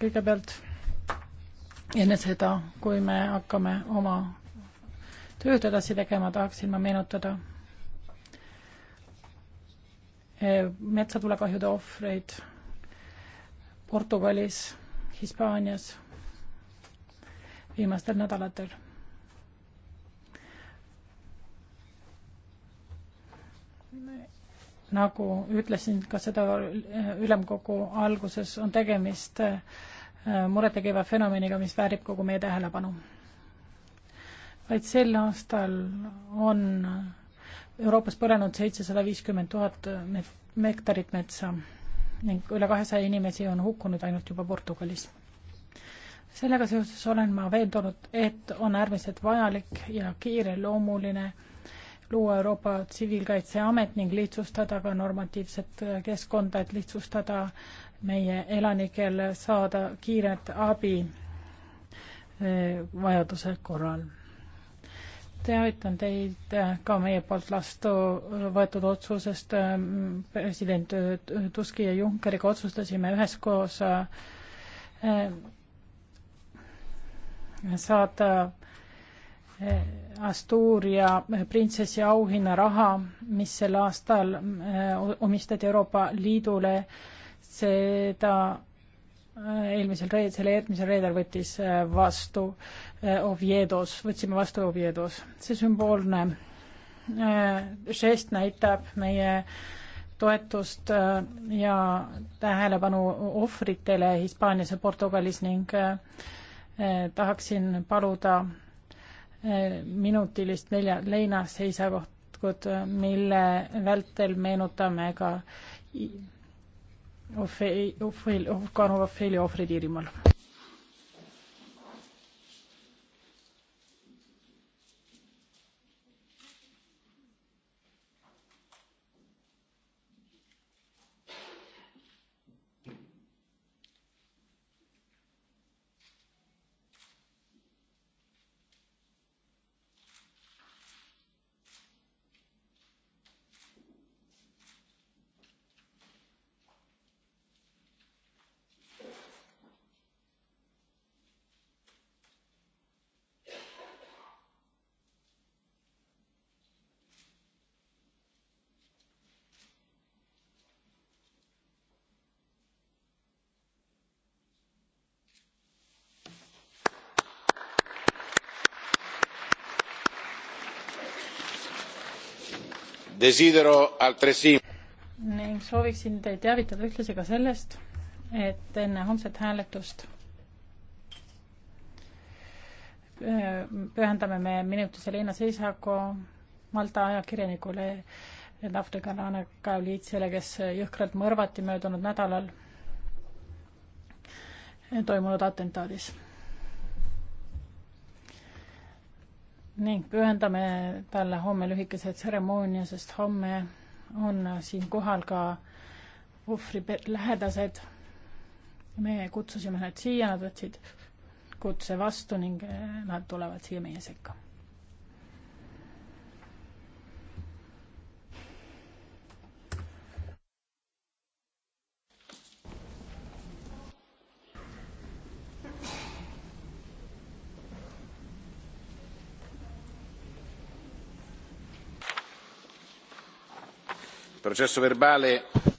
kõigepealt enne seda, kui me hakkame oma tööd edasi tegema, tahaksin ma meenutada eh, metsatulekahjude ohvreid Portugalis, Hispaanias viimastel nädalatel nagu ütlesin ka seda ülemkogu alguses, on tegemist äh, murettegeva fenomeniga, mis väärib kogu meie tähelepanu. vaid sel aastal on Euroopas põlenud seitsesada viiskümmend tuhat hektarit metsa ning üle kahesaja inimesi on hukkunud ainult juba Portugalis. sellega seoses olen ma veendunud, et on äärmiselt vajalik ja kiireloomuline luua Euroopa Tsiviilkaitseamet ning lihtsustada ka normatiivset keskkonda, et lihtsustada meie elanikel saada kiiret abi eh, vajaduse korral. teavitan teid eh, ka meie poolt vastu eh, võetud otsusest, president Tuski ja Junckeriga otsustasime üheskoos saada Asturia printsessi auhinna raha, mis sel aastal eh, omistati Euroopa Liidule, seda eh, eelmisel reedel, eelmisel reedel võttis eh, vastu Oviedos, võtsime vastu Oviedos. see sümboolne žest näitab meie toetust ja tähelepanu ohvritele Hispaanias ja Portugalis ning tahaksin paluda minutilist nelja leinaseisakut, mille vältel meenutame ka Ofeil, Ofeil, Afganova Ofeili ohvrid Iirimaal. ning sooviksin teid teavitada ühtlasi ka sellest, et enne homset hääletust äh, pühendame me minutise Liina Seisaku Malta ajakirjanikule aafrikalane Kaoliitsele, kes jõhkralt mõrvati möödunud nädalal toimunud atentaadis ning pühendame talle homme lühikese tseremoonia, sest homme on siin kohal ka ohvri lähedased. me kutsusime nad siia, nad võtsid kutse vastu ning eh, nad tulevad siia meie sekka. processo verbale